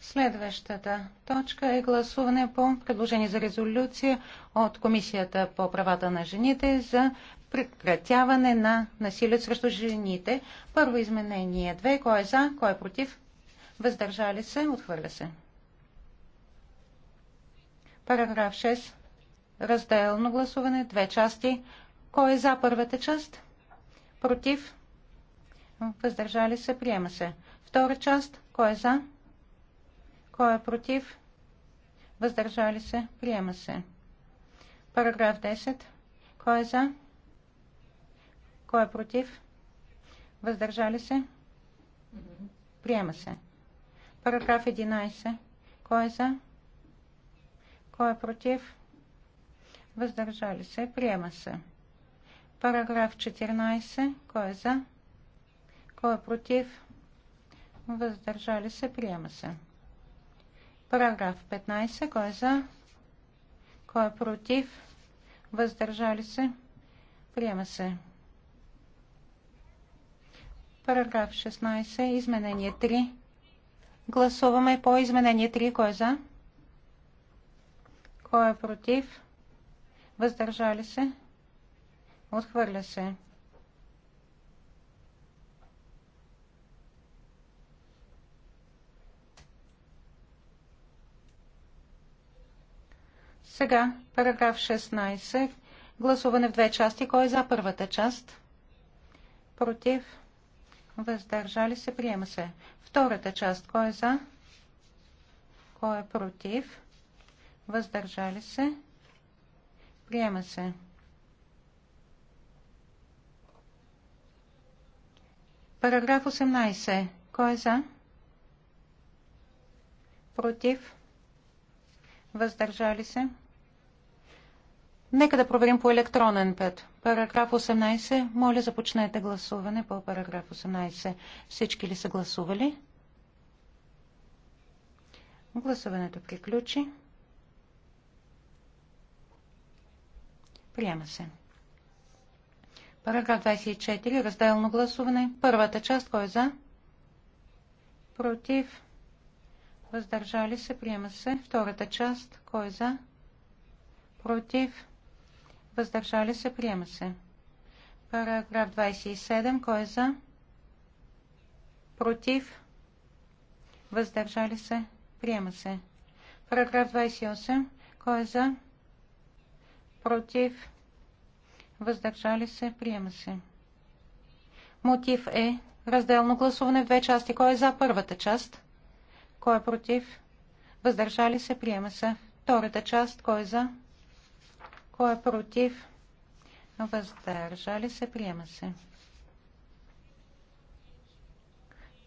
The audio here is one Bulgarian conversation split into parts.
Следващата точка е гласуване по предложение за резолюция от Комисията по правата на жените за прекратяване на насилие срещу жените. Първо изменение две. Кой е за, кой е против? Въздържали се, отхвърля се. Параграф 6. Разделно гласуване. Две части. Кой е за първата част? Против? въздържали се, приема се. Втора част, кой е за, кой е против, въздържали се, приема се. Параграф 10, кой е за, кой е против, въздържали се, приема се. Параграф 11, кой е за, кой е против, въздържали се, приема се. Параграф 14, кой е за, кой е против? Въздържали се. Приема се. Параграф 15. Кой е за? Кой е против? Въздържали се? Приема се. Параграф 16. Изменение 3. Гласуваме по изменение 3. Кой е за? Кой е против? Въздържали се? Отхвърля се. Сега параграф 16. Гласуване в две части. Кой е за първата част? Против? Въздържали се? Приема се. Втората част. Кой е за? Кой е против? Въздържали се? Приема се. Параграф 18. Кой е за? Против? Въздържали се? Нека да проверим по електронен път. Параграф 18. Моля, започнете гласуване по параграф 18. Всички ли са гласували? Гласуването приключи. Приема се. Параграф 24. Разделно гласуване. Първата част. Кой е за? Против. Въздържали се. Приема се. Втората част. Кой е за? Против въздържали се, приема се. Параграф 27, кой е за? Против, въздържали се, приема се. Параграф 28, кой е за? Против, въздържали се, приема се. Мотив е разделно гласуване в две части. Кой е за първата част? Кой е против? Въздържали се, приема се. Втората част, кой е за? Кой е против? Въздържали се, приема се.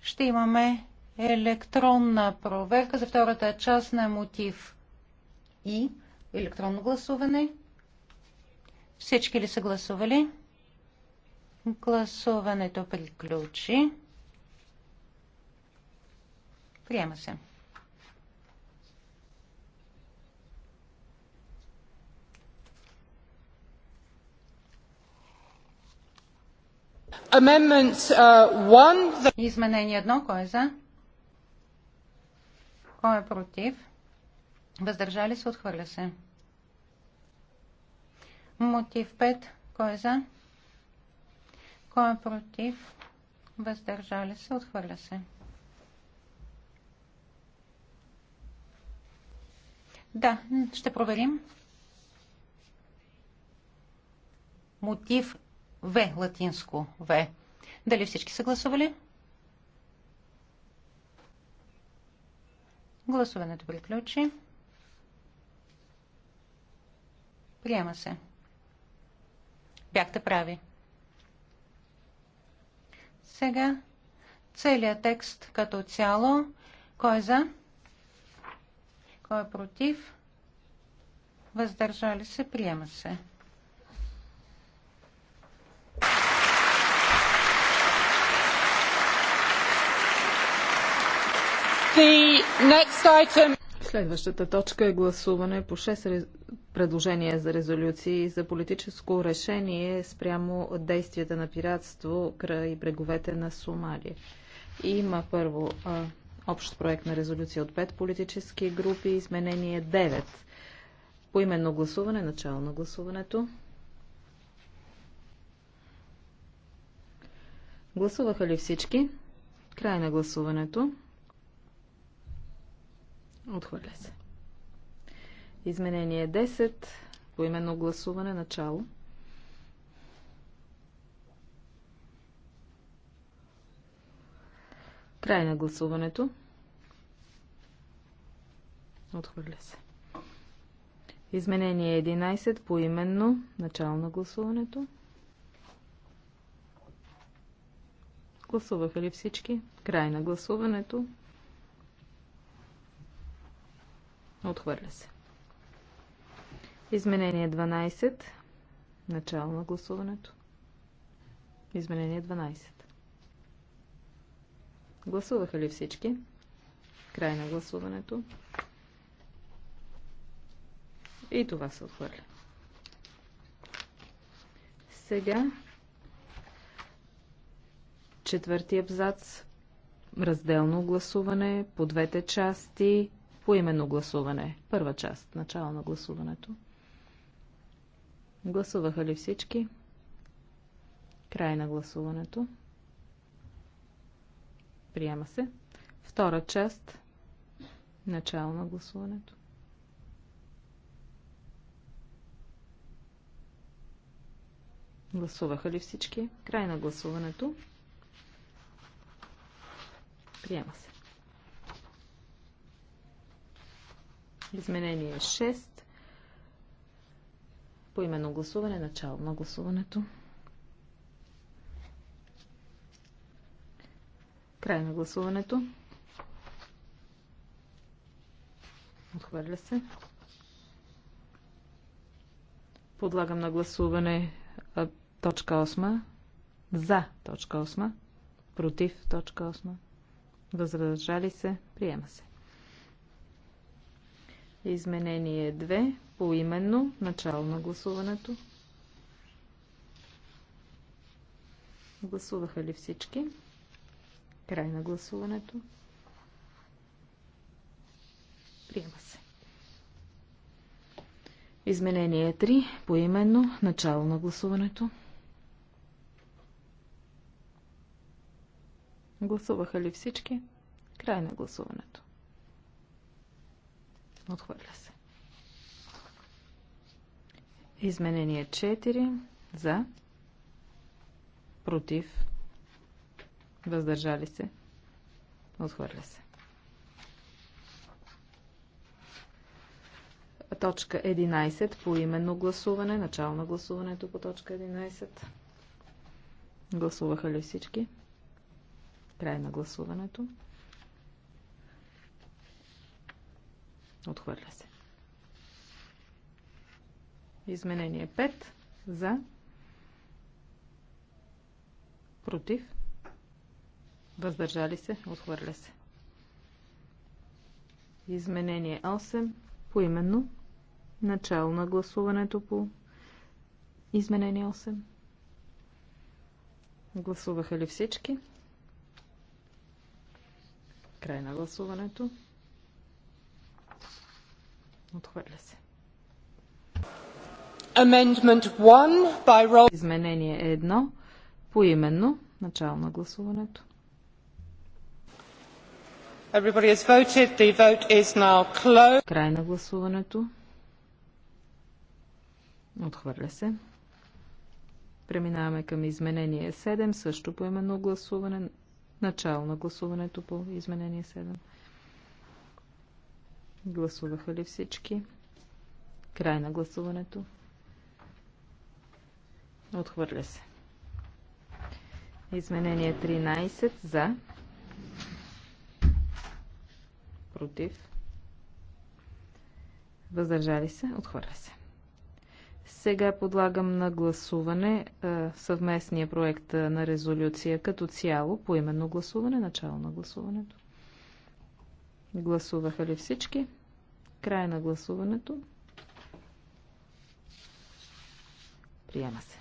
Ще имаме електронна проверка за втората част на мотив и електронно гласуване. Всички ли са гласували? Гласуването приключи. Приема се. Uh, Изменение едно. Кой е за? Кой е против? Въздържали се? Отхвърля се. Мотив 5. Кой е за? Кой е против? Въздържали се? Отхвърля се. Да, ще проверим. Мотив в, латинско В. Дали всички са гласували? Гласуването приключи. Приема се. Бяхте прави. Сега целият текст като цяло. Кой е за? Кой е против? Въздържали се? Приема се. Следващата точка е гласуване по 6 предложения за резолюции за политическо решение спрямо действията на пиратство край бреговете на Сомалия. Има първо а, общ проект на резолюция от 5 политически групи, изменение 9. Поименно гласуване, начало на гласуването. Гласуваха ли всички? Край на гласуването. Отхвърля се. Изменение 10. Поименно гласуване. Начало. Край на гласуването. Отхвърля се. Изменение 11. Поименно. Начало на гласуването. Гласуваха ли всички? Край на гласуването. Отхвърля се. Изменение 12. Начало на гласуването. Изменение 12. Гласуваха ли всички? Край на гласуването. И това се отхвърля. Сега четвъртия абзац. Разделно гласуване по двете части. По именно гласуване. Първа част. Начало на гласуването. Гласуваха ли всички? Край на гласуването. Приема се. Втора част. Начало на гласуването. Гласуваха ли всички? Край на гласуването. Приема се. Изменение 6. По именно гласуване. Начало на гласуването. Край на гласуването. Отхвърля се. Подлагам на гласуване точка 8. За точка 8. Против точка 8. Възражали се. Приема се. Изменение 2. Поименно. Начало на гласуването. Гласуваха ли всички? Край на гласуването. Приема се. Изменение 3. Поименно. Начало на гласуването. Гласуваха ли всички? Край на гласуването. Отхвърля се. Изменение 4 за, против, въздържали се, отхвърля се. Точка 11 по именно гласуване, начало на гласуването по точка 11. Гласуваха ли всички? Край на гласуването. Отхвърля се. Изменение 5 за против въздържали се, отхвърля се. Изменение 8 поименно начало на гласуването по изменение 8. Гласуваха ли всички? Край на гласуването. Отхвърля се. Изменение е едно. Поименно. Начало на гласуването. Край на гласуването. Отхвърля се. Преминаваме към изменение 7, също по именно гласуване. Начало на гласуването по изменение 7. Гласуваха ли всички? Край на гласуването. Отхвърля се. Изменение 13 за. Против. Въздържали се. Отхвърля се. Сега подлагам на гласуване съвместния проект на резолюция като цяло по именно гласуване, начало на гласуването. Гласуваха ли всички? Край на гласуването. Приема се.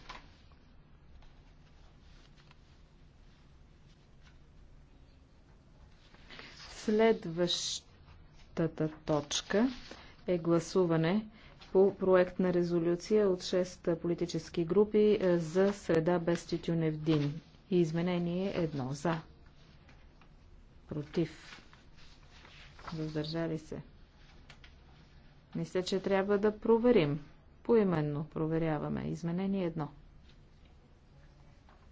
Следващата точка е гласуване по проект на резолюция от 6 политически групи е, за среда без тютюнев дин. И изменение едно за. Против. Въздържали се. Мисля, че трябва да проверим. Поименно проверяваме. Изменение едно.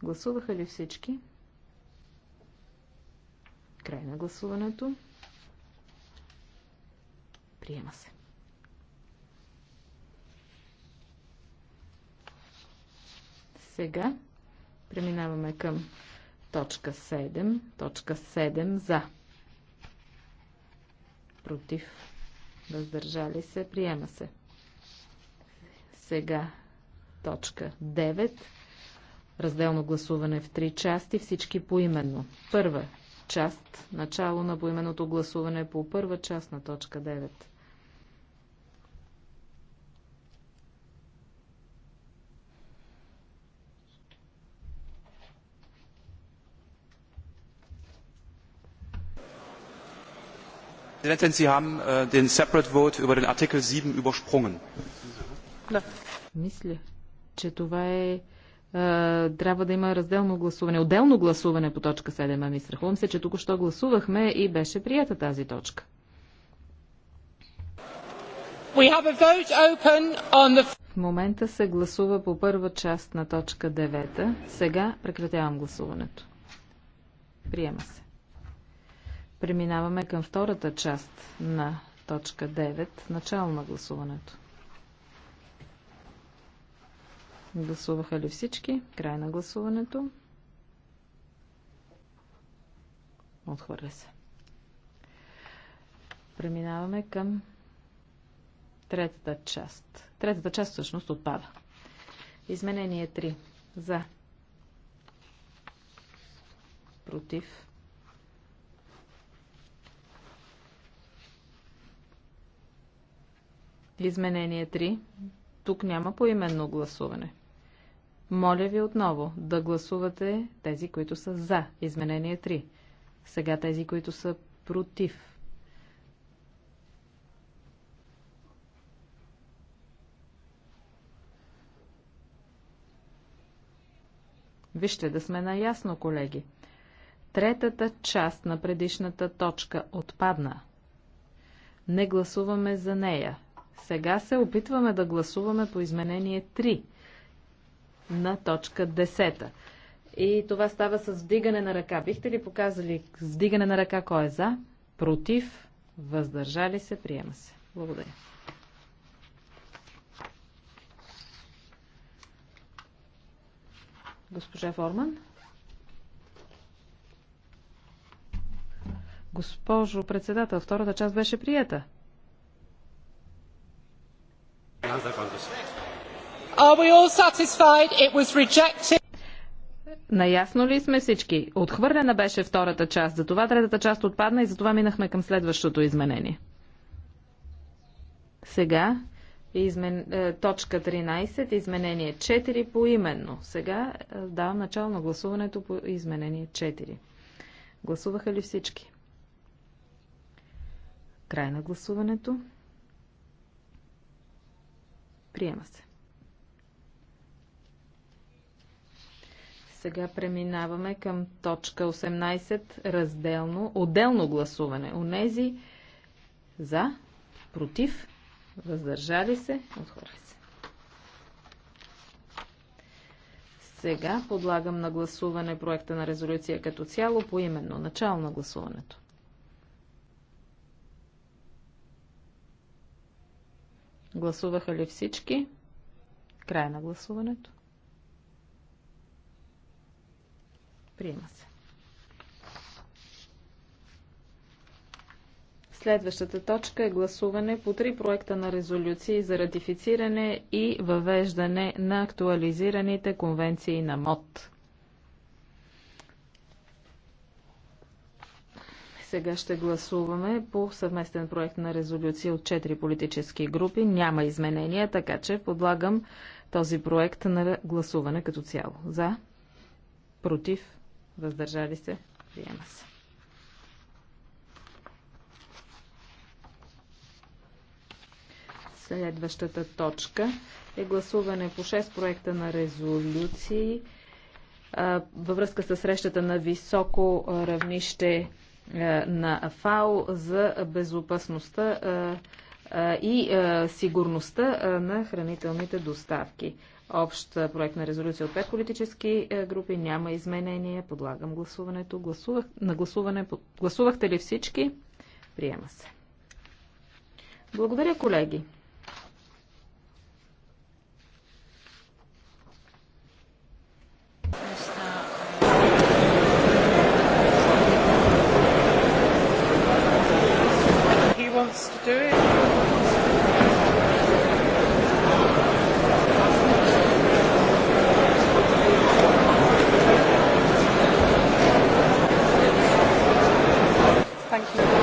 Гласуваха ли всички? Край на гласуването. Приема се. Сега преминаваме към точка 7. Точка 7 за против, въздържали се, приема се. Сега точка 9. Разделно гласуване в три части, всички поименно. Първа част, начало на поименното гласуване по първа част на точка 9. Präsidentin, Sie haben äh, den Separate Vote über den Artikel 7 übersprungen. Мисля, че това е трябва да има разделно гласуване, отделно гласуване по точка 7, ами страхувам се, че току-що гласувахме и беше прията тази точка. The... В момента се гласува по първа част на точка 9. Сега прекратявам гласуването. Приема се. Преминаваме към втората част на точка 9, начало на гласуването. Гласуваха ли всички? Край на гласуването. Отхвърля се. Преминаваме към третата част. Третата част всъщност отпада. Изменение 3. За. Против. Изменение 3. Тук няма поименно гласуване. Моля ви отново да гласувате тези, които са за изменение 3. Сега тези, които са против. Вижте да сме наясно, колеги. Третата част на предишната точка отпадна. Не гласуваме за нея. Сега се опитваме да гласуваме по изменение 3 на точка 10. И това става с вдигане на ръка. Бихте ли показали с вдигане на ръка кой е за, против, въздържали се, приема се. Благодаря. Госпожа Форман. Госпожо председател, втората част беше приета. Are we all satisfied? It was rejected. Наясно ли сме всички? Отхвърлена беше втората част, затова третата част отпадна и затова минахме към следващото изменение. Сега е измен... Е, точка 13, изменение 4 по именно. Сега е, давам начало на гласуването по изменение 4. Гласуваха ли всички? Край на гласуването. Приема се. Сега преминаваме към точка 18, разделно, отделно гласуване. Онези за, против, въздържали се, отхвърли се. Сега подлагам на гласуване проекта на резолюция като цяло по именно начало на гласуването. Гласуваха ли всички? Край на гласуването. Приема се. Следващата точка е гласуване по три проекта на резолюции за ратифициране и въвеждане на актуализираните конвенции на МОД. Сега ще гласуваме по съвместен проект на резолюция от четири политически групи. Няма изменения, така че подлагам този проект на гласуване като цяло. За? Против? въздържали се, приема се. Следващата точка е гласуване по 6 проекта на резолюции във връзка с срещата на високо равнище на ФАО за безопасността и сигурността на хранителните доставки. Общ проект на резолюция от пет политически групи. Няма изменения. Подлагам гласуването. Гласувах, на гласуване. Гласувахте ли всички? Приема се. Благодаря, колеги. He wants to do it. Thank you.